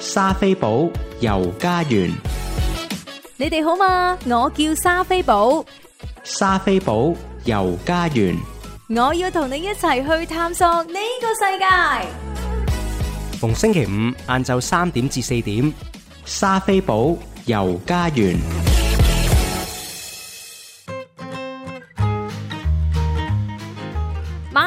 莎菲寶遊加園，你哋好嘛？我叫莎菲寶，莎菲寶遊加園，我要同你一齊去探索呢個世界。逢星期五晏晝三點至四點，莎菲寶遊加園。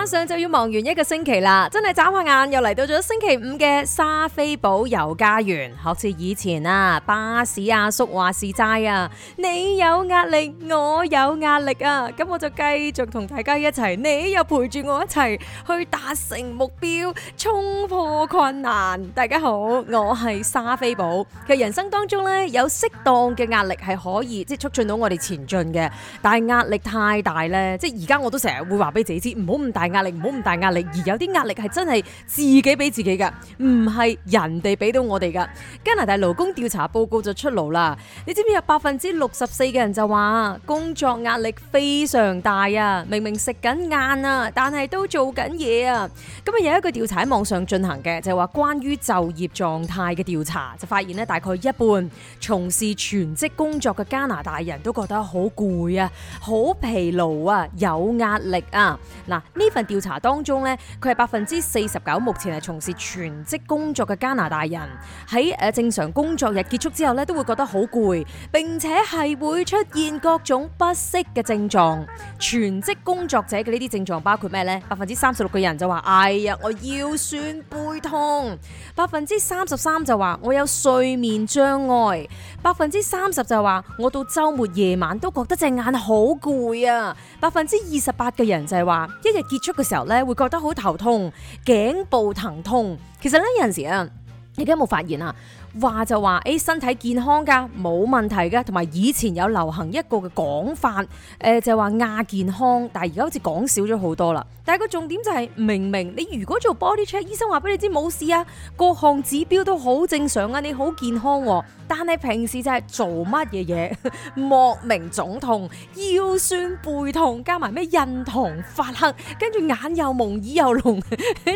上就要忙完一個星期啦，真係眨下眼又嚟到咗星期五嘅莎菲寶遊加園。好似以前啊，巴士阿、啊、叔話事齋啊，你有壓力我有壓力啊，咁我就繼續同大家一齊，你又陪住我一齊去達成目標，衝破困難。大家好，我係莎菲寶。其實人生當中咧，有適當嘅壓力係可以即係促進到我哋前進嘅，但係壓力太大咧，即係而家我都成日會話俾自己知，唔好咁大壓。壓力唔好咁大壓力，而有啲壓力係真係自己俾自己噶，唔係人哋俾到我哋噶。加拿大勞工調查報告就出爐啦，你知唔知有百分之六十四嘅人就話工作壓力非常大啊！明明食緊晏啊，但係都做緊嘢啊。咁啊，有一個調查喺網上進行嘅，就係話關於就業狀態嘅調查，就發現呢，大概一半從事全職工作嘅加拿大人都覺得好攰啊，好疲勞啊，有壓力啊。嗱，呢份。調查當中呢，佢係百分之四十九目前係從事全職工作嘅加拿大人，喺誒正常工作日結束之後呢，都會覺得好攰，並且係會出現各種不適嘅症狀。全職工作者嘅呢啲症狀包括咩呢？百分之三十六嘅人就話：哎呀，我腰酸背痛；百分之三十三就話我有睡眠障礙；百分之三十就話我到週末夜晚都覺得隻眼好攰啊；百分之二十八嘅人就係話一日結束嘅時候咧，會覺得好頭痛、頸部疼痛。其實咧，有陣時啊，你哋有冇發現啊？話就話，誒、欸、身體健康㗎，冇問題㗎，同埋以前有流行一個嘅講法，誒、呃、就係話亞健康，但係而家好似講少咗好多啦。但係個重點就係、係，明明你如果做 body check，醫生話俾你知冇事啊，各項指標都好正常啊，你好健康、啊。但係平時就係做乜嘢嘢，莫名腫痛、腰酸背痛，加埋咩印堂發黑，跟住眼又朦、耳又聾，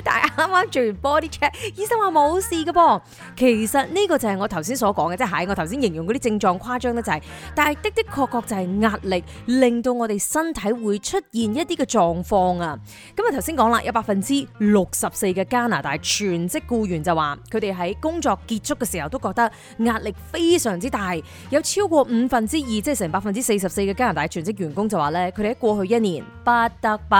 但係啱啱做完 body check，醫生話冇事㗎噃。其實呢、呢個。就係我頭先所講嘅，即係，我頭先形容嗰啲症狀誇張得滯，但係的的確確就係壓力令到我哋身體會出現一啲嘅狀況啊！咁啊頭先講啦，有百分之六十四嘅加拿大全職僱員就話，佢哋喺工作結束嘅時候都覺得壓力非常之大，有超過五分之二，即係成百分之四十四嘅加拿大全職員工就話咧，佢哋喺過去一年不得不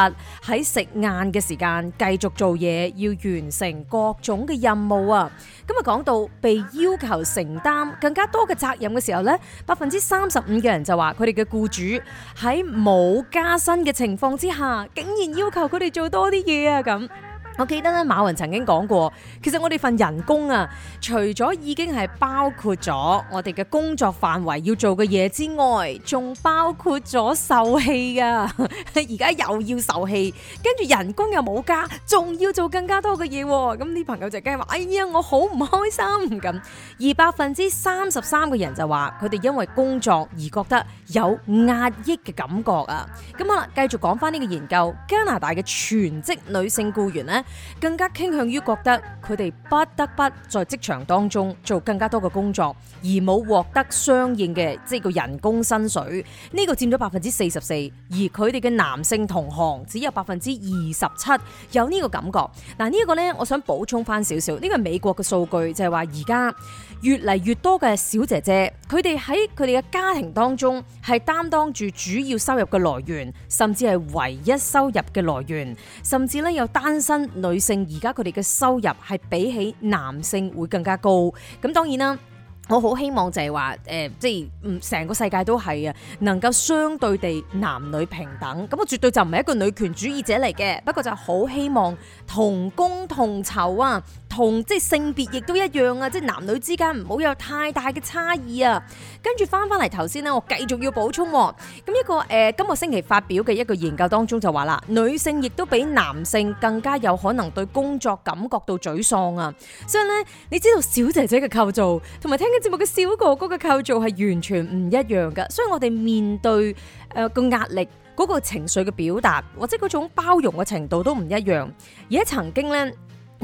喺食晏嘅時間繼續做嘢，要完成各種嘅任務啊！咁啊講到被要求承擔更加多嘅責任嘅時候呢，百分之三十五嘅人就話佢哋嘅雇主喺冇加薪嘅情況之下，竟然要求佢哋做多啲嘢啊咁。我記得咧，馬雲曾經講過，其實我哋份人工啊，除咗已經係包括咗我哋嘅工作範圍要做嘅嘢，之外，仲包括咗受氣噶、啊。而 家又要受氣，跟住人工又冇加，仲要做更加多嘅嘢，啊。咁啲朋友就梗係話，哎呀，我好唔開心咁。而百分之三十三嘅人就話，佢哋因為工作而覺得有壓抑嘅感覺啊。咁好啦，繼續講翻呢個研究，加拿大嘅全職女性僱員呢。更加傾向於覺得佢哋不得不在職場當中做更加多嘅工作，而冇獲得相應嘅即係叫人工薪水，呢個佔咗百分之四十四，而佢哋嘅男性同行只有百分之二十七有呢個感覺。嗱，呢個呢，我想補充翻少少，呢個美國嘅數據，就係話而家越嚟越多嘅小姐姐，佢哋喺佢哋嘅家庭當中係擔當住主要收入嘅來源，甚至係唯一收入嘅來源，甚至呢有單身。女性而家佢哋嘅收入係比起男性會更加高，咁當然啦，我好希望就係話，誒、呃，即係，嗯，成個世界都係啊，能夠相對地男女平等，咁我絕對就唔係一個女權主義者嚟嘅，不過就好希望同工同酬啊！同即係性別亦都一樣啊！即係男女之間唔好有太大嘅差異啊！跟住翻翻嚟頭先咧，我繼續要補充咁一個誒、呃，今個星期發表嘅一個研究當中就話啦，女性亦都比男性更加有可能對工作感覺到沮喪啊！所以咧，你知道小姐姐嘅構造同埋聽緊節目嘅小哥哥嘅構造係完全唔一樣噶，所以我哋面對誒個壓力、嗰、嗰個情緒嘅表達或者嗰種包容嘅程度都唔一樣，而家曾經咧。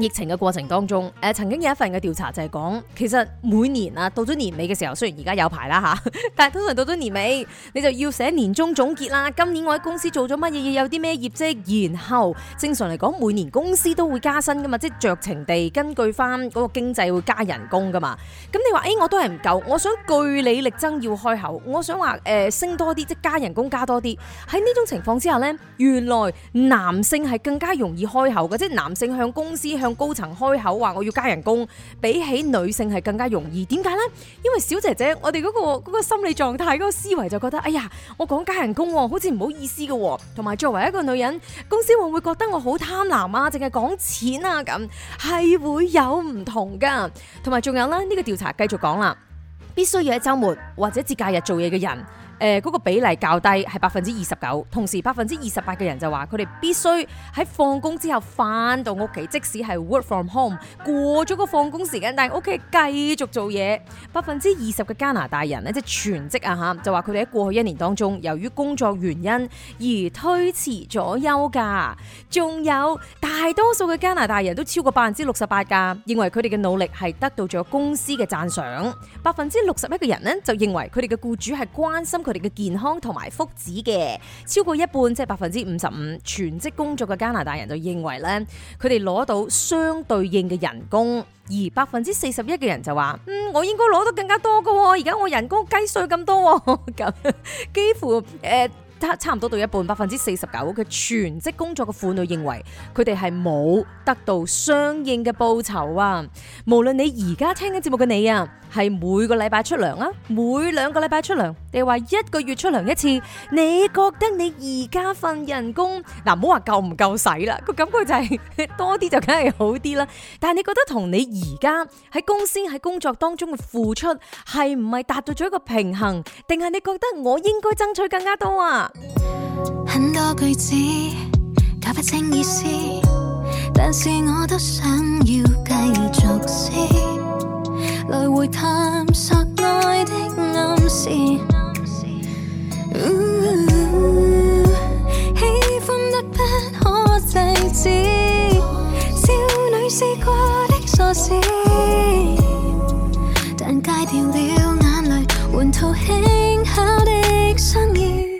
疫情嘅過程當中，誒曾經有一份嘅調查就係講，其實每年啊，到咗年尾嘅時候，雖然而家有排啦吓，但係通常到咗年尾，你就要寫年終總結啦。今年我喺公司做咗乜嘢，要有啲咩業績，然後正常嚟講每年公司都會加薪噶嘛，即係酌情地根據翻嗰個經濟會加人工噶嘛。咁你話誒、欸，我都係唔夠，我想據理力爭要開口，我想話誒、呃、升多啲，即係加人工加多啲。喺呢種情況之下咧，原來男性係更加容易開口嘅，即係男性向公司向高層開口話我要加人工，比起女性係更加容易。點解呢？因為小姐姐，我哋嗰、嗰個、嗰個心理狀態、嗰、嗰個思維就覺得，哎呀，我講加人工好似唔好意思嘅，同埋作為一個女人，公司會唔會覺得我好貪婪啊？淨係講錢啊，咁係會有唔同噶。同埋仲有呢，呢、呢個調查繼續講啦，必須要喺周末或者節假日做嘢嘅人。誒、呃、嗰、嗰個比例較低，係百分之二十九。同時，百分之二十八嘅人就話佢哋必須喺放工之後返到屋企，即使係 work from home 過咗個放工時間，但係屋企繼續做嘢。百分之二十嘅加拿大人呢，即係全職啊嚇，就話佢哋喺過去一年當中，由於工作原因而推遲咗休假。仲有大多數嘅加拿大人都超過百分之六十八噶，認為佢哋嘅努力係得到咗公司嘅讚賞。百分之六十一嘅人呢，就認為佢哋嘅僱主係關心佢哋嘅健康同埋福祉嘅，超過一半，即係百分之五十五全職工作嘅加拿大人就認為呢，佢哋攞到相對應嘅人工。而百分之四十一嘅人就話：嗯，我應該攞得更加多嘅，而家我人工計稅咁多，咁幾乎誒。呃差唔多到一半，百分之四十九嘅全職工作嘅婦女認為佢哋係冇得到相應嘅報酬啊！無論你而家聽緊節目嘅你啊，係每個禮拜出糧啊，每兩個禮拜出糧，定係話一個月出糧一次？你覺得你而家份人工嗱，唔好話夠唔夠使啦，個感覺就係多啲就梗係好啲啦。但係你覺得同你而家喺公司喺工作當中嘅付出係唔係達到咗一個平衡？定係你覺得我應該爭取更加多啊？很多句子搞不清意思，但是我都想要繼續試，來回探索愛的暗示。Ooh, 喜歡得不可制止，少女試過的傻事，但戒掉了眼淚，換套輕巧的新衣。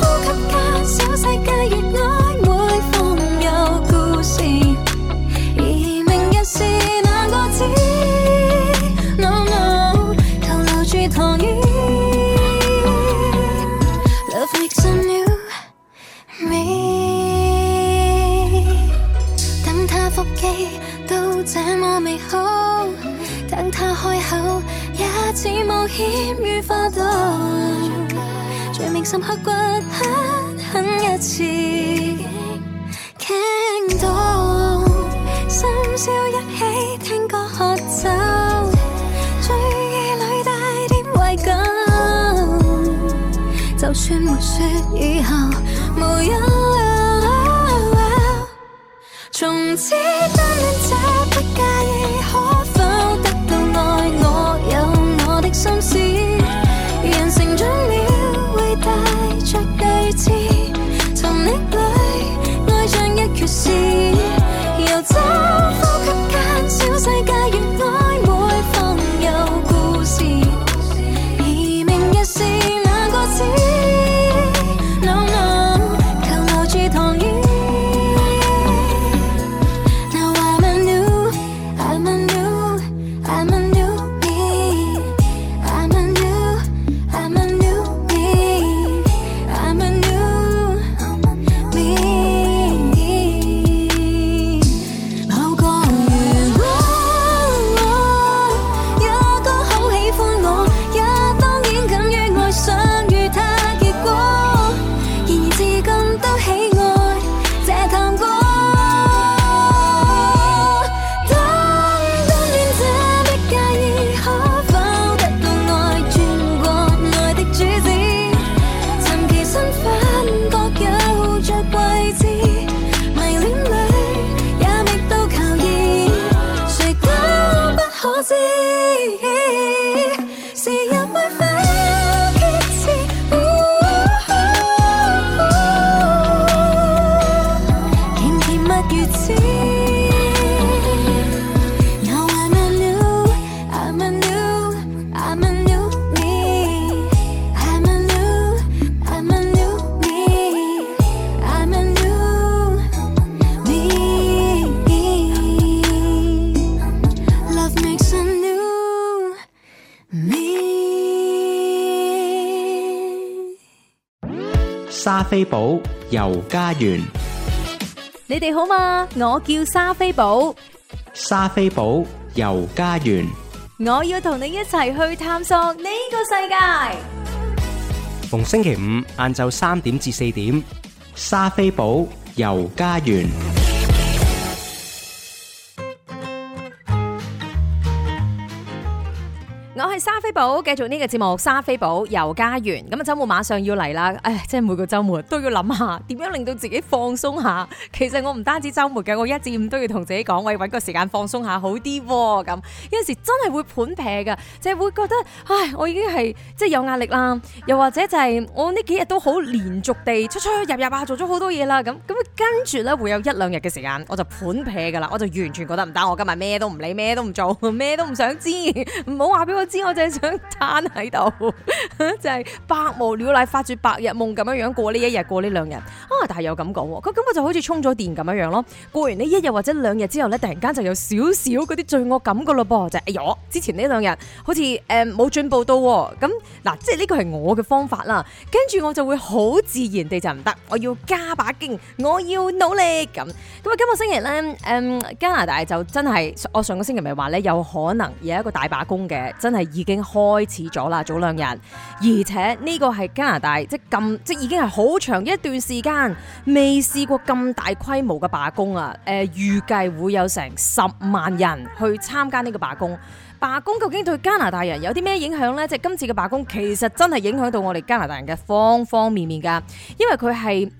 陷於花都，最銘心刻骨，狠狠一次傾倒。深宵一起聽歌喝酒，醉意裏帶點懷舊。就算沒說以後，無一、哦哦哦、從此。莎菲寶遊加園，你哋好嘛？我叫莎菲寶。莎菲寶遊加園，我要同你一齊去探索呢個世界。逢星期五晏晝三點至四點，莎菲寶遊加園。.莎菲寶繼續呢個節目，莎菲寶遊加園。咁啊，周末馬上要嚟啦，唉，即係每個周末都要諗下點樣令到自己放鬆下。其實我唔單止周末嘅，我一至五都要同自己講，我要搵個時間放鬆下好啲。咁有陣時真係會盤劈噶，即係會覺得唉，我已經係即係有壓力啦。又或者就係我呢幾日都好連續地出出入入啊，做咗好多嘢啦。咁咁跟住咧會有一兩日嘅時間，我就盤劈噶啦，我就完全覺得唔得，我今日咩都唔理，咩都唔做，咩都唔想知，唔好話俾我知。我真係想癱喺度，就係百無聊賴，發住白日夢咁樣樣過呢一日，過呢兩日啊！Ah, 但係又咁講，佢咁我就好似充咗電咁樣樣咯。過完呢一日或者兩日之後咧，突然間就有少少嗰啲罪惡感噶咯噃，就係哎喲！之前呢兩日好似誒冇進步到咁嗱，即係呢個係我嘅方法啦。跟住我就會好自然地就唔得，我要加把勁，我要努力咁咁啊！今個星期咧，誒加拿大就真係我上個星期咪話咧，有可能有一個大罷工嘅，真係已經開始咗啦，早兩日，而且呢個係加拿大，即咁，即已經係好長一段時間未試過咁大規模嘅罷工啊！誒、呃，預計會有成十萬人去參加呢個罷工。罷工究竟對加拿大人有啲咩影響呢？即係今次嘅罷工，其實真係影響到我哋加拿大人嘅方方面面噶，因為佢係。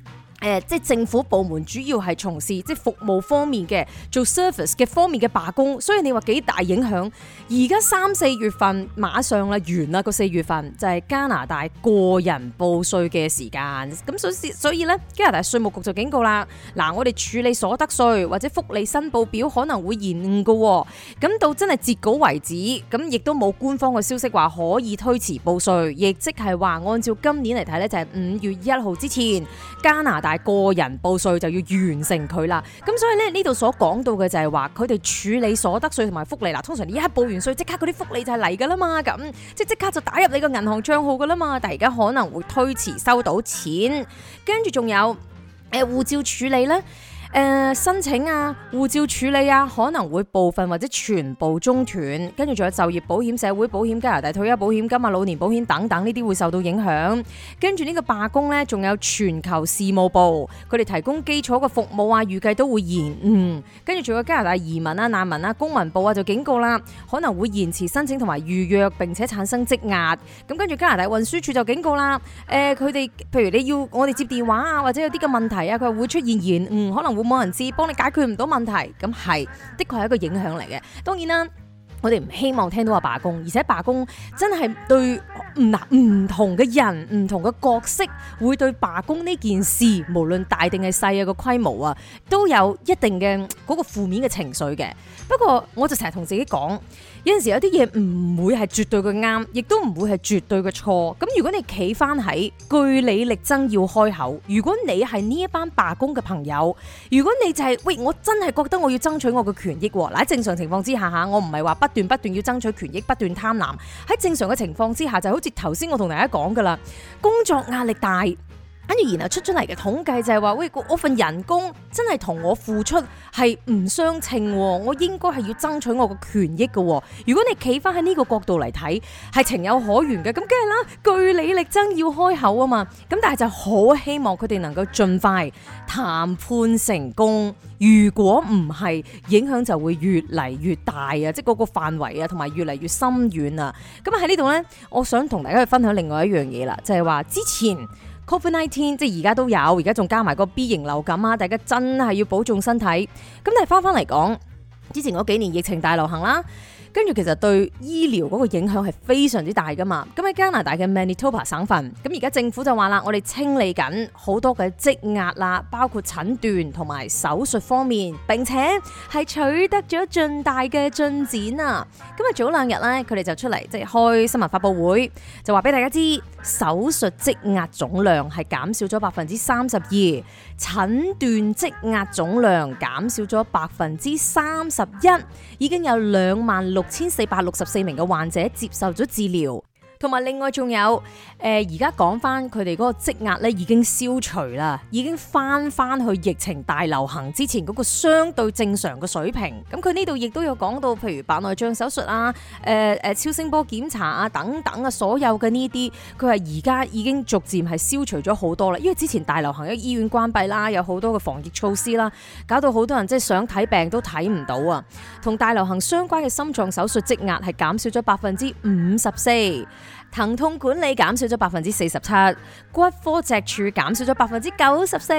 誒，即政府部門主要係從事即服務方面嘅做 service 嘅方面嘅罷工，所以你話幾大影響，而家三四月份馬上啦，完啦個四月份就係、是、加拿大個人報稅嘅時間，咁所以呢咧，加拿大稅務局就警告啦，嗱，我哋處理所得稅或者福利申報表可能會延誤嘅。咁到真係截稿為止，咁亦都冇官方嘅消息話可以推遲報稅，亦即係話按照今年嚟睇咧，就係、是、五月一號之前加拿大。係個人報稅就要完成佢啦，咁所以咧，呢度所講到嘅就係話，佢哋處理所得稅同埋福利。啦通常你一報完稅，即刻嗰啲福利就係嚟噶啦嘛，咁即即刻就打入你個銀行賬號噶啦嘛，但係而家可能會推遲收到錢，跟住仲有誒護照處理咧。誒、呃，申請啊，護照處理啊，可能會部分或者全部中斷，跟住仲有就業保險、社會保險、加拿大退休保險金啊、老年保險等等呢啲會受到影響。跟住呢個罷工呢，仲有全球事務部，佢哋提供基礎嘅服務啊，預計都會延誤。跟住仲有加拿大移民啊、難民啊、公民部啊，就警告啦，可能會延遲申請同埋預約，並且產生積壓。咁跟住加拿大運輸署就警告啦，誒、呃，佢哋譬如你要我哋接電話啊，或者有啲嘅問題啊，佢話會出現延誤、嗯，可能會。冇人知，幫你解決唔到問題，咁係的確係一個影響嚟嘅。當然啦，我哋唔希望聽到話罷工，而且罷工真係對唔嗱唔同嘅人，唔同嘅角色，會對罷工呢件事，無論大定係細啊個規模啊，都有一定嘅嗰個負面嘅情緒嘅。不過我就成日同自己講。有陣時有啲嘢唔會係絕對嘅啱，亦都唔會係絕對嘅錯。咁如果你企翻喺據理力爭要開口，如果你係呢一班罷工嘅朋友，如果你就係，喂，我真係覺得我要爭取我嘅權益，喺正常情況之下吓，我唔係話不斷不斷要爭取權益，不斷貪婪。喺正常嘅情況之下，就好似頭先我同大家講噶啦，工作壓力大。反而然後出咗嚟嘅統計就係話，喂，我份人工真係同我付出係唔相稱，我應該係要爭取我個權益嘅。如果你企翻喺呢個角度嚟睇，係情有可原嘅。咁梗係啦，據理力爭要開口啊嘛。咁但係就好希望佢哋能夠盡快談判成功。如果唔係，影響就會越嚟越大啊，即係嗰個範圍啊，同埋越嚟越深遠啊。咁喺呢度呢，我想同大家去分享另外一樣嘢啦，就係話之前。COVID-19 即係而家都有，而家仲加埋個 B 型流感啊！大家真係要保重身體。咁但係翻翻嚟講，之前嗰幾年疫情大流行啦。跟住其實對醫療個影響係非常之大噶嘛，咁喺加拿大嘅 Manitoba 省份，咁而家政府就話啦，我哋清理緊好多嘅積壓啦，包括診斷同埋手術方面，並且係取得咗重大嘅進展啊！咁啊早兩日咧，佢哋就出嚟即係開新聞發布會就話俾大家知手術積壓總量係減少咗百分之三十二，診斷積壓總量減少咗百分之三十一，已經有兩萬六。六千四百六十四名嘅患者接受咗治療。同埋另外仲有誒，而家講翻佢哋嗰個積壓咧已經消除啦，已經翻翻去疫情大流行之前嗰個相對正常嘅水平。咁佢呢度亦都有講到，譬如白內障手術啊、誒、呃、誒超聲波檢查啊等等啊，所有嘅呢啲，佢係而家已經逐漸係消除咗好多啦。因為之前大流行，喺醫院關閉啦，有好多嘅防疫措施啦，搞到好多人即係想睇病都睇唔到啊。同大流行相關嘅心臟手術積壓係減少咗百分之五十四。疼痛管理減少咗百分之四十七，骨科脊柱減少咗百分之九十四，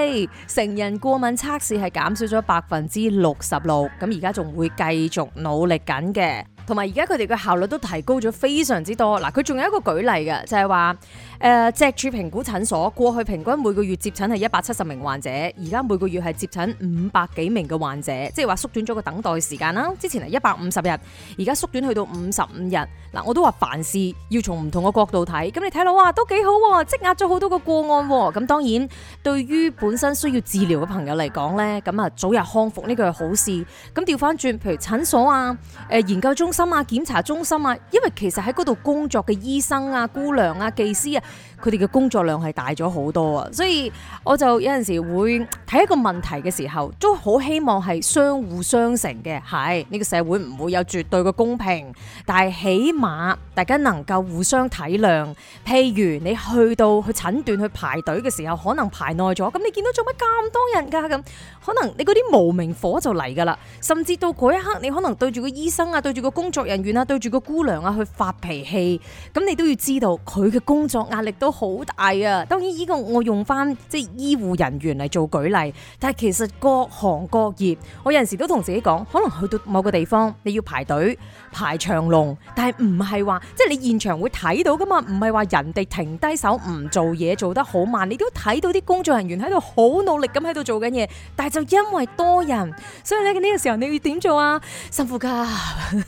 成人過敏測試係減少咗百分之六十六，咁而家仲會繼續努力緊嘅。同埋而家佢哋嘅效率都提高咗非常之多。嗱，佢仲有一個舉例嘅，就係話誒，脊柱評估診所過去平均每個月接診係一百七十名患者，而家每個月係接診五百幾名嘅患者，即係話縮短咗個等待時間啦。之前係一百五十日，而家縮短去到五十五日。嗱、呃，我都話凡事要從唔同嘅角度睇。咁你睇到哇，都幾好，積壓咗好多個個案。咁當然，對於本身需要治療嘅朋友嚟講咧，咁啊早日康復呢個係好事。咁調翻轉，譬如診所啊，誒、呃，研究中。心啊，檢查中心啊，因為其實喺嗰度工作嘅醫生啊、姑娘啊、技師啊。佢哋嘅工作量係大咗好多啊，所以我就有陣時會睇一個問題嘅時候，都好希望係相輔相成嘅。係呢個社會唔會有絕對嘅公平，但係起碼大家能夠互相體諒，譬如你去到去診斷去排隊嘅時候，可能排耐咗，咁你見到做乜咁多人㗎，咁可能你嗰啲無名火就嚟噶啦。甚至到嗰一刻，你可能對住個醫生啊、對住個工作人員啊、對住個姑娘啊去發脾氣，咁你都要知道佢嘅工作壓力都。好大啊！當然呢個我用翻即係醫護人員嚟做舉例，但係其實各行各業，我有陣時都同自己講，可能去到某個地方你要排隊排長龍，但係唔係話即係你現場會睇到噶嘛？唔係話人哋停低手唔做嘢做得好慢，你都睇到啲工作人員喺度好努力咁喺度做緊嘢，但係就因為多人，所以咧呢個時候你要點做啊？辛苦㗎，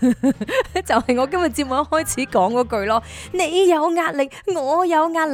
就係我今日節目一開始講嗰句咯。你有壓力，我有壓力。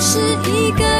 是一個。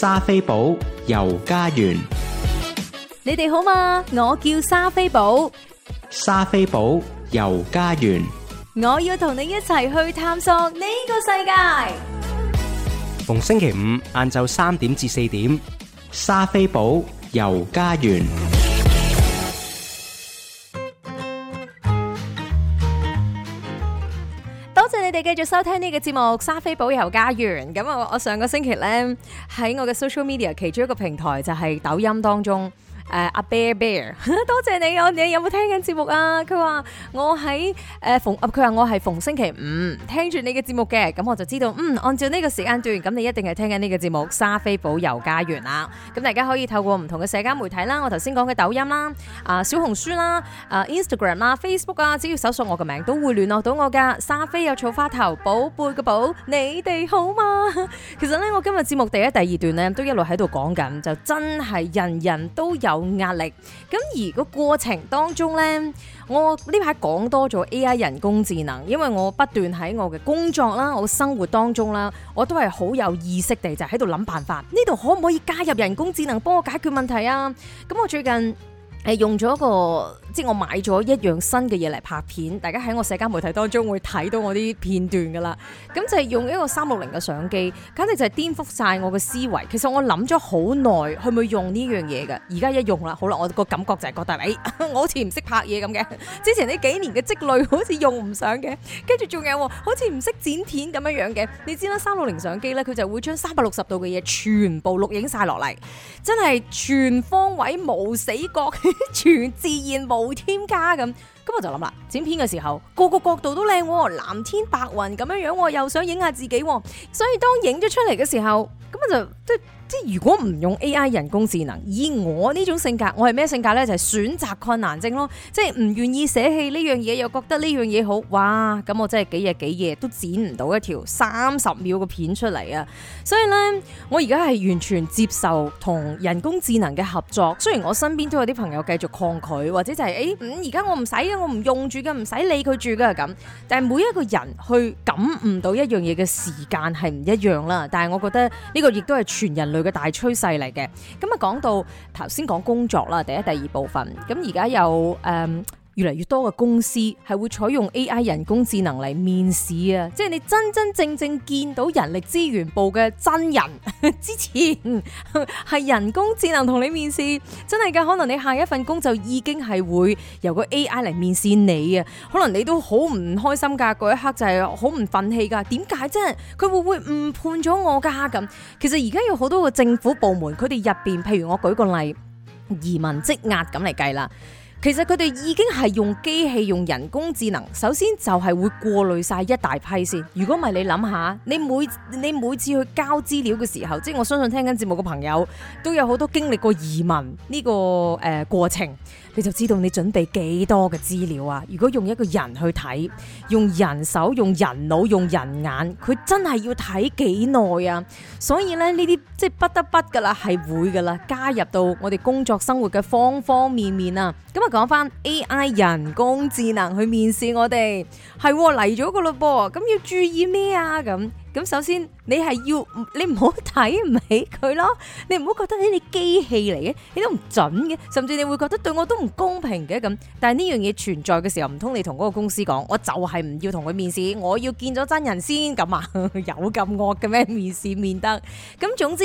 莎菲寶遊加園，你哋好嘛？我叫莎菲寶。莎菲寶遊加園，我要同你一齊去探索呢個世界。逢星期五晏晝三點至四點，莎菲寶遊加園。繼續收聽呢個節目《莎菲寶遊加園》。咁我我上個星期咧，喺我嘅 social media 其中一個平台就係抖音當中。誒阿 Bear Bear 多謝你，啊，你有冇聽緊節目啊？佢話我喺誒逢，佢、呃、話我係逢星期五聽住你嘅節目嘅，咁我就知道，嗯，按照呢個時間段，咁你一定係聽緊呢個節目《莎菲寶遊加園》啦。咁大家可以透過唔同嘅社交媒體啦，我頭先講嘅抖音啦、啊小紅書啦、啊 Instagram 啦、Facebook 啊，只要搜索我嘅名字，都會聯絡到我㗎。莎菲有草花頭，寶貝個寶，你哋好嗎？其實咧，我今日節目第一、第二段咧，都一路喺度講緊，就真係人人都有，壓力，咁而個過程當中呢，我呢排講多咗 AI 人工智能，因為我不斷喺我嘅工作啦、我生活當中啦，我都係好有意識地就喺度諗辦法，呢度可唔可以加入人工智能幫我解決問題啊？咁我最近係用咗個。即係我買咗一樣新嘅嘢嚟拍片，大家喺我社交媒體當中會睇到我啲片段㗎啦。咁就係用一個三六零嘅相機，簡直就係顛覆晒我嘅思維。其實我諗咗好耐，去唔去用呢樣嘢嘅，而家一用啦，好啦，我個感覺就係覺得，哎，我好似唔識拍嘢咁嘅。之前呢幾年嘅積累好像用不上，好似用唔上嘅。跟住仲有，好似唔識剪片咁樣樣嘅。你知啦，三六零相機咧，佢就會將三百六十度嘅嘢全部錄影晒落嚟，真係全方位無死角，全自然。冇添加咁，咁我就諗啦，剪片嘅時候個個角度都靚，藍天白雲咁樣樣，又想影下自己，所以當影咗出嚟嘅時候，咁我就即係。即係如果唔用 A.I. 人工智能，以我呢種性格，我係咩性格咧？就係選擇困難症咯，即係唔願意捨棄呢樣嘢，又覺得呢樣嘢好，哇！咁我真係幾日幾夜都剪唔到一條三十秒嘅片出嚟啊！所以咧，我而家係完全接受同人工智能嘅合作。雖然我身邊都有啲朋友繼續抗拒，或者就係誒，嗯，而家我唔使啊，我唔用住嘅，唔使理佢住嘅咁。但係每一個人去感悟到一樣嘢嘅時間係唔一樣啦。但係我覺得呢個亦都係全人類。佢嘅大趨勢嚟嘅，咁啊講到頭先講工作啦，第一第二部分，咁而家有誒。越嚟越多嘅公司係會採用 AI 人工智能嚟面試啊！即係你真真正正見到人力資源部嘅真人之前，係人工智能同你面試，真係噶！可能你下一份工就已經係會由個 AI 嚟面試你啊！可能你都好唔開心噶，嗰一刻就係好唔憤氣噶。點解啫？佢會唔會誤判咗我噶咁？其實而家有好多個政府部門，佢哋入邊，譬如我舉個例，移民積壓咁嚟計啦。其實佢哋已經係用機器用人工智能，首先就係會過濾晒一大批先。如果唔係，你諗下，你每你每次去交資料嘅時候，即係我相信聽緊節目嘅朋友都有好多經歷過移民呢個誒過程，你就知道你準備幾多嘅資料啊？如果用一個人去睇，用人手、用人腦、用人眼，佢真係要睇幾耐啊？所以咧呢啲即係不得不噶啦，係會噶啦，加入到我哋工作生活嘅方方面面啊！咁啊，講翻 AI 人工智能去面試我哋係嚟咗噶啦噃，咁、哦、要注意咩啊？咁？咁首先，你係要你唔好睇唔起佢咯，你唔好覺得誒你機器嚟嘅，你都唔準嘅，甚至你會覺得對我都唔公平嘅咁。但係呢樣嘢存在嘅時候，唔通你同嗰個公司講，我就係唔要同佢面試，我要見咗真人先咁啊？有咁惡嘅咩？面試面得？咁總之，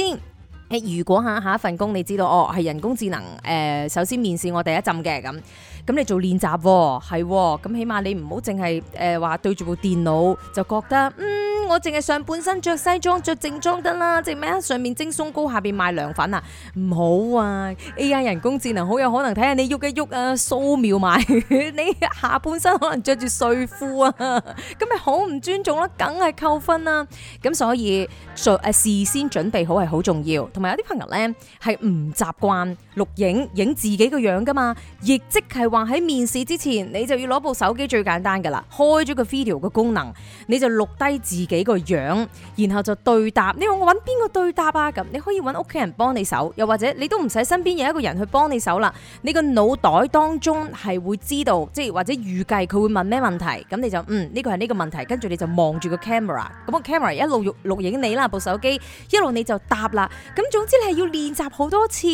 誒，如果下下一份工你知道哦係人工智能，誒，首先面試我第一浸嘅咁，咁你做練習係咁，起碼你唔好淨係誒話對住部電腦就覺得嗯。我淨係上半身着西裝，着正裝得啦，即係咩？上面蒸鬆糕，下邊賣涼粉啊？唔好啊！A.I. 人工智能好有可能睇下你喐一喐啊，掃描埋你下半身可能着住睡褲啊，咁咪好唔尊重咯，梗係扣分啦、啊。咁所以誒事先準備好係好重要，同埋有啲朋友呢係唔習慣錄影影自己個樣噶嘛，亦即係話喺面試之前，你就要攞部手機最簡單噶啦，開咗個 video 嘅功能，你就錄低自己。幾個樣，然後就對答。你話我揾邊個對答啊？咁你可以揾屋企人幫你手，又或者你都唔使身邊有一個人去幫你手啦。你個腦袋當中係會知道，即係或者預計佢會問咩問題，咁你就嗯呢個係呢個問題，跟住你就望住個 camera，咁個 camera 一路錄影你啦，部手機一路你就答啦。咁總之你係要練習好多次，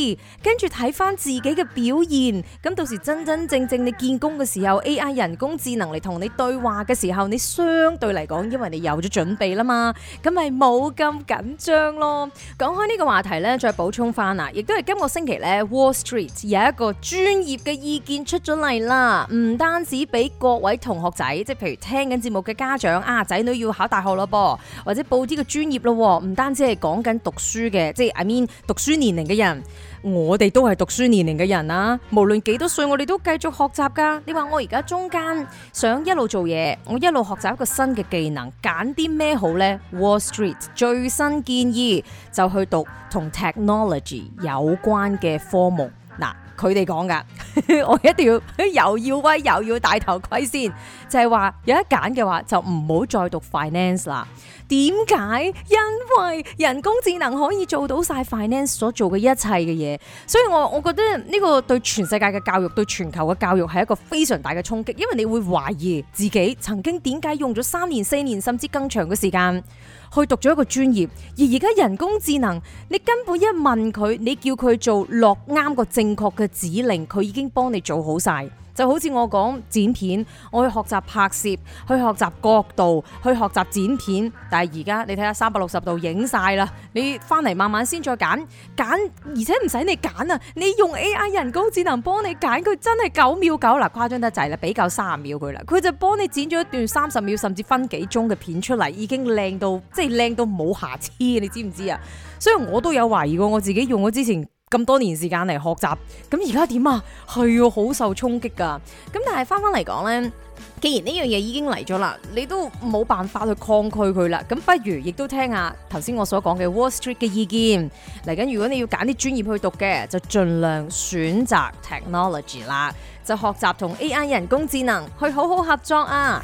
跟住睇返自己嘅表現，咁到時真真正正你見工嘅時候，AI 人工智能嚟同你對話嘅時候，你相對嚟講，因為你有咗準備啦嘛，咁咪冇咁緊張咯。講開呢個話題呢，再補充翻啦，亦都係今個星期呢，Wall Street 有一個專業嘅意見出咗嚟啦。唔單止俾各位同學仔，即係譬如聽緊節目嘅家長啊，仔女要考大學咯噃，或者報啲嘅專業咯。唔單止係講緊讀書嘅，即係 I mean 讀書年齡嘅人。我哋都係讀書年齡嘅人啦，啊，無論幾多歲，我哋都繼續學習噶。你話我而家中間想一路做嘢，我一路學習一個新嘅技能，揀啲咩好呢？Wall Street 最新建議就去讀同 technology 有關嘅科目。佢哋講㗎， 我一定要又要威又要戴頭盔先，就係話有得揀嘅話就唔好再讀 finance 啦。點解？因為人工智能可以做到晒 finance 所做嘅一切嘅嘢，所以我我覺得呢個對全世界嘅教育，對全球嘅教育係一個非常大嘅衝擊，因為你會懷疑自己曾經點解用咗三年、四年甚至更長嘅時間。去讀咗一個專業，而而家人工智能，你根本一問佢，你叫佢做落啱個正確嘅指令，佢已經幫你做好晒。就好似我講剪片，我去學習拍攝，去學習角度，去學習剪片。但係而家你睇下三百六十度影晒啦，你翻嚟慢慢先再揀揀，而且唔使你揀啊，你用 AI 人工智能幫你揀，佢真係九秒九啦，誇張得滯啦，比較三十秒佢啦，佢就幫你剪咗一段三十秒甚至分幾鐘嘅片出嚟，已經靚到即係靚到冇瑕疵，你知唔知啊？所以我都有懷疑過我自己用我之前，咁多年時間嚟學習，咁而家點啊？係要好受衝擊噶。咁但係翻翻嚟講呢，既然呢樣嘢已經嚟咗啦，你都冇辦法去抗拒佢啦。咁不如亦都聽下頭先我所講嘅 Wall Street 嘅意見。嚟緊如果你要揀啲專業去讀嘅，就盡量選擇 Technology 啦，就學習同 AI 人工智能去好好合作啊。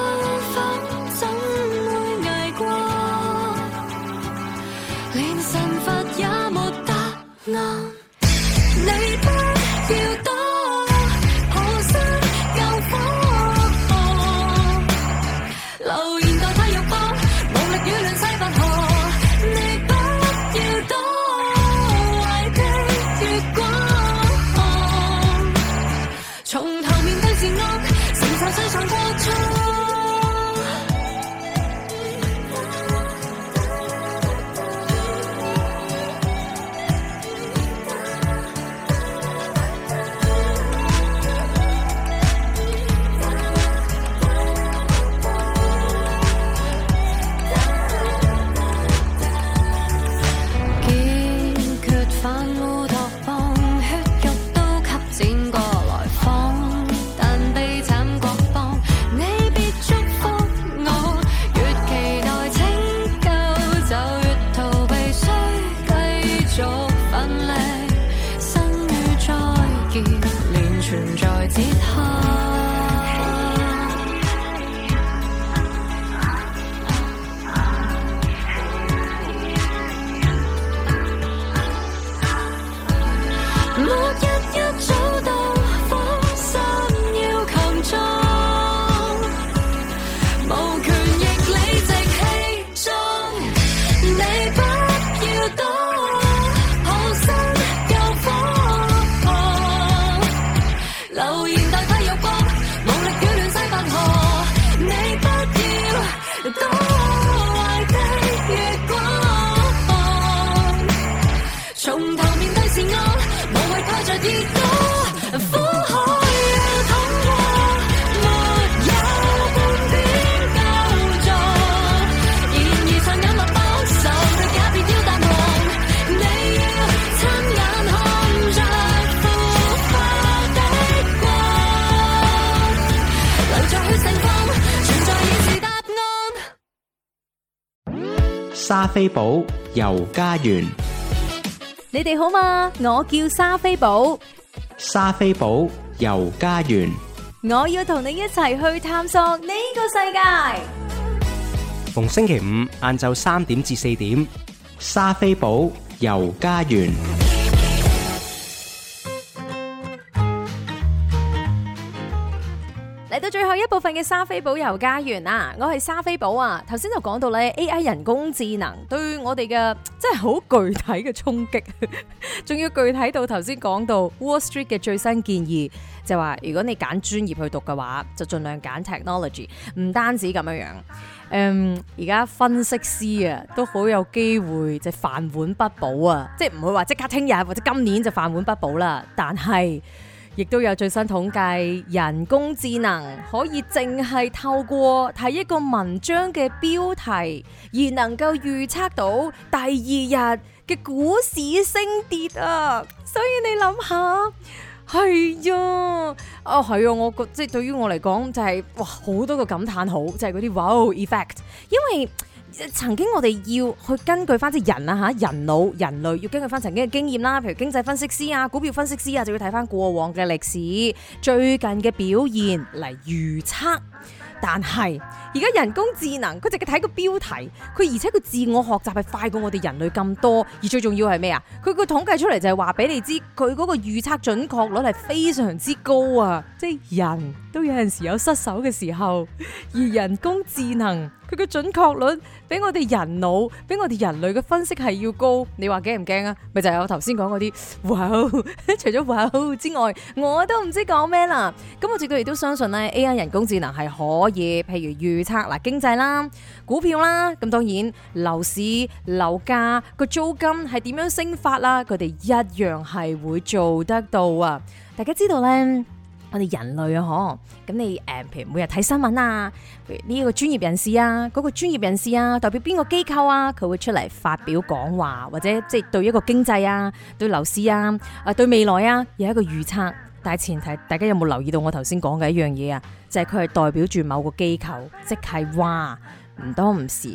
莎菲寶遊加園，你哋好嘛？我叫莎菲寶，莎菲寶遊加園，我要同你一齊去探索呢個世界。逢星期五晏晝三點至四點，莎菲寶遊加園。部分嘅莎菲寶遊加園啊，我係莎菲寶啊，頭先就講到咧 A I 人工智能對我哋嘅真係好具體嘅衝擊，仲要具體到頭先講到 Wall Street 嘅最新建議，就話、是、如果你揀專業去讀嘅話，就盡量揀 technology，唔單止咁樣樣，嗯，而家分析師啊都好有機會就係、是、飯碗不保啊，即係唔會話即刻聽日或者今年就飯碗不保啦，但係。亦都有最新統計，人工智能可以淨係透過睇一個文章嘅標題而能夠預測到第二日嘅股市升跌啊！所以你諗下，係啊，啊、哦、係啊，我覺即係對於我嚟講就係哇好多個感嘆號，就係嗰啲 wow effect，因為。曾經我哋要去根據翻啲人啊，吓，人腦、人類要根據翻曾經嘅經驗啦，譬如經濟分析師啊、股票分析師啊，就要睇翻過往嘅歷史、最近嘅表現嚟預測。但係而家人工智能，佢淨係睇個標題，佢而且佢自我學習係快過我哋人類咁多。而最重要係咩啊？佢個統計出嚟就係話俾你知，佢嗰個預測準確率係非常之高啊！即係人都有陣時有失手嘅時候，而人工智能。佢嘅準確率比我哋人腦，比我哋人，人類嘅分析係要高。你話驚唔驚啊？咪就係、是、我頭先講嗰啲哇！除咗哇之外，我都唔知講咩啦。咁我絕對亦都相信咧，AI 人工智能係可以，譬如預測嗱經濟啦、股票啦。咁當然樓市、樓價個租金係點樣升法啦，佢哋一樣係會做得到啊！大家知道啦。我哋人類啊，嗬，咁你誒，譬如每日睇新聞啊，譬如呢一個專業人士啊，嗰個專業人士啊，代表邊個機構啊，佢會出嚟發表講話，或者即係對一個經濟啊，對樓市啊，啊對未來啊，有一個預測。但係前提，大家有冇留意到我頭先講嘅一樣嘢啊？就係佢係代表住某個機構，即係話唔多唔少，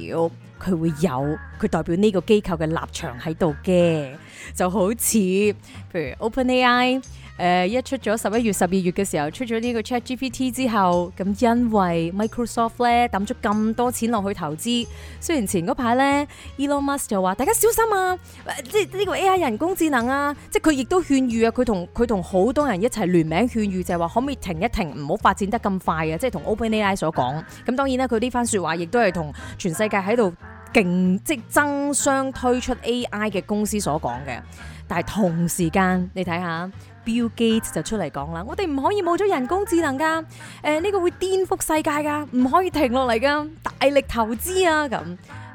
佢會有佢代表呢個機構嘅立場喺度嘅，就好似譬如 OpenAI。誒、呃、一出咗十一月十二月嘅時候，出咗呢個 ChatGPT 之後，咁因為 Microsoft 咧抌咗咁多錢落去投資，雖然前嗰排咧 Elon Musk 就話大家小心啊，即係呢個 AI 人工智能啊，即係佢亦都勸喻啊，佢同佢同好多人一齊聯名勸喻，就係、是、話可唔可以停一停，唔好發展得咁快啊，即係同 OpenAI 所講。咁當然啦，佢呢番説話亦都係同全世界喺度競即爭相推出 AI 嘅公司所講嘅。但係同時間，你睇下。Bill Gates 就出嚟講啦，我哋唔可以冇咗人工智能噶。誒、呃、呢個會顛覆世界噶，唔可以停落嚟噶，大力投資啊咁，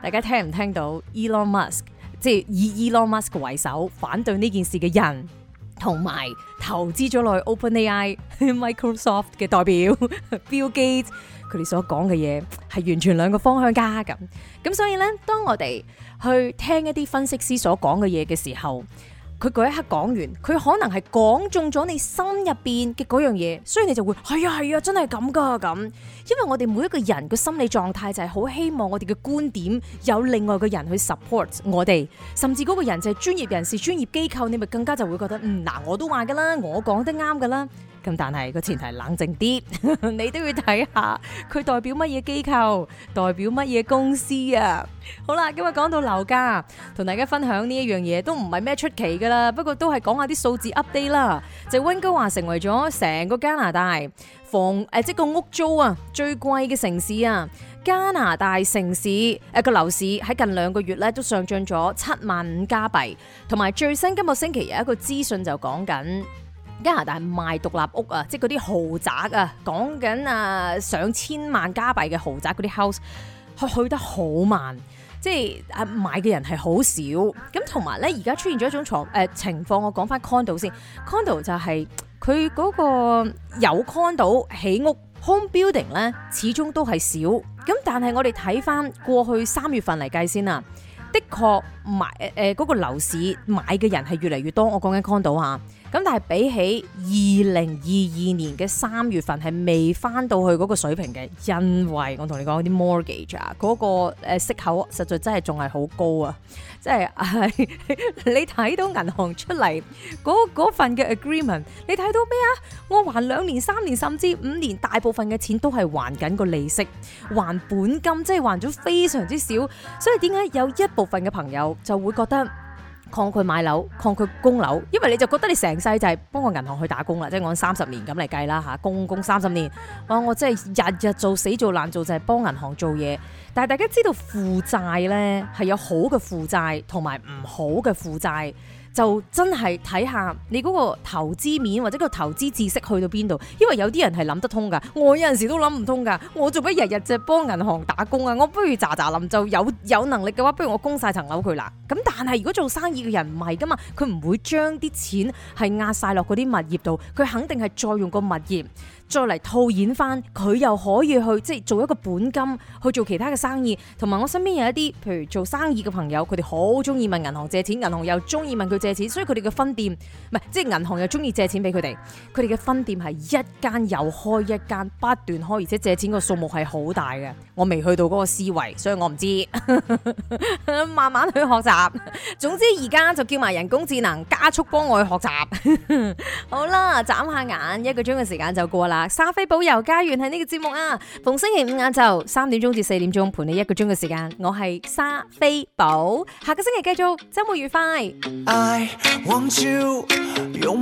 大家聽唔聽到？Elon Musk 即係以 Elon Musk 為首反對呢件事嘅人，同埋投資咗落去 OpenAI、Microsoft 嘅代表 Bill Gates，佢哋所講嘅嘢係完全兩個方向加咁，咁所以呢，當我哋去聽一啲分析師所講嘅嘢嘅時候。佢嗰一刻講完，佢可能係講中咗你心入邊嘅嗰樣嘢，所以你就會係啊係啊，真係咁㗎咁。因為我哋每一個人嘅心理狀態就係好希望我哋嘅觀點有另外嘅人去 support 我哋，甚至嗰個人就係專業人士、專業機構，你咪更加就會覺得嗯，嗱，我都話㗎啦，我講得啱㗎啦。咁但係個前提冷靜啲，你都要睇下佢代表乜嘢機構，代表乜嘢公司啊？好啦，今日講到樓價，同大家分享呢一樣嘢都唔係咩出奇噶啦，不過都係講下啲數字 update 啦。就溫哥華成為咗成個加拿大房誒，即係個屋租啊最貴嘅城市啊！加拿大城市誒個樓市喺近兩個月咧都上漲咗七萬五加幣，同埋最新今個星期有一個資訊就講緊。加拿大賣獨立屋啊，即係嗰啲豪宅啊，講緊啊上千萬加幣嘅豪宅嗰啲 house，佢去得好慢，即係啊買嘅人係好少。咁同埋咧，而家出現咗一種牀誒、呃、情況，我講翻 condo 先。condo 就係佢嗰個有 condo 起屋 home building 咧，始終都係少。咁但係我哋睇翻過去三月份嚟計先啊，的確買誒嗰、呃那個樓市買嘅人係越嚟越多。我講緊 condo 吓。咁但係比起二零二二年嘅三月份，係未返到去嗰個水平嘅，因為我同你講啲 mortgage 啊，嗰個誒息口實在真係仲係好高啊！即 係你睇到銀行出嚟嗰嗰份嘅 agreement，你睇到咩啊？我還兩年、三年甚至五年，大部分嘅錢都係還緊個利息，還本金即係還咗非常之少，所以點解有一部分嘅朋友就會覺得抗拒買樓，抗拒供樓，因為你就覺得你成世就係幫個銀行去打工啦，即係按三十年咁嚟計啦嚇，供供三十年，我我真係日日做死做爛做就係、是、幫銀行做嘢。但係大家知道負債呢係有好嘅負債同埋唔好嘅負債，就真係睇下你嗰個投資面或者個投資知識去到邊度。因為有啲人係諗得通噶，我有陣時都諗唔通噶。我做乜日日就幫銀行打工啊？我不如咋咋諗，就有有能力嘅話，不如我供晒層樓佢啦。咁但係如果做生意嘅人唔係噶嘛，佢唔會將啲錢係壓晒落嗰啲物業度，佢肯定係再用個物業。再嚟套現翻，佢又可以去即係做一個本金去做其他嘅生意，同埋我身邊有一啲譬如做生意嘅朋友，佢哋好中意問銀行借錢，銀行又中意問佢借錢，所以佢哋嘅分店唔係即係銀行又中意借錢俾佢哋，佢哋嘅分店係一間又開一間，不斷開，而且借錢個數目係好大嘅。我未去到嗰個思維，所以我唔知呵呵，慢慢去學習。總之而家就叫埋人工智能加速幫我去學習。好啦，眨下眼一個鐘嘅時間就過啦。莎菲寶游家園係呢個節目啊，逢星期五晏晝三點鐘至四點鐘，陪你一個鐘嘅時間，我係莎菲寶，下個星期繼續，周末愉快。I want you, 勇